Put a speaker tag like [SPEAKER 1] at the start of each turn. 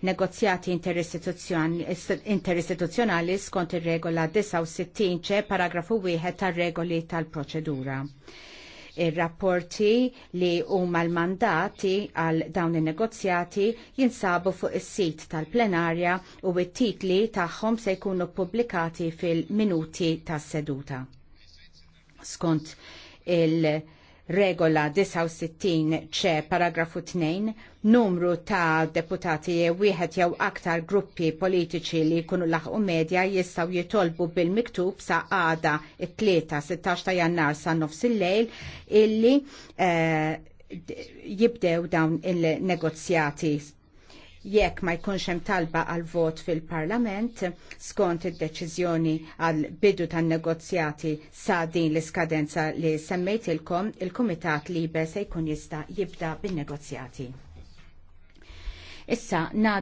[SPEAKER 1] negozjati interistituzjonali skont ir-regola 69 ċe paragrafu wieħed tar-regoli tal-proċedura. Ir-rapporti li huma l-mandati għal dawn in-negozjati jinsabu fuq is-sit tal-plenarja u t-titli tagħhom se jkunu pubblikati fil-minuti tas-seduta. Skont il- regola 69 ċe paragrafu 2 numru ta' deputati wieħed jew aktar gruppi politiċi li jkunu laħqu medja jistaw jitolbu bil-miktub sa' għada it-tlieta 16 ta' jannar sa' nofs il-lejl illi eh, jibdew dawn il-negozjati jekk ma jkunx hemm talba għal vot fil-Parlament skont id-deċiżjoni għal bidu tan-negozjati sa din l-iskadenza li semmejtilkom, il-Kumitat Libe se jkun jista' jibda bin-negozjati. Issa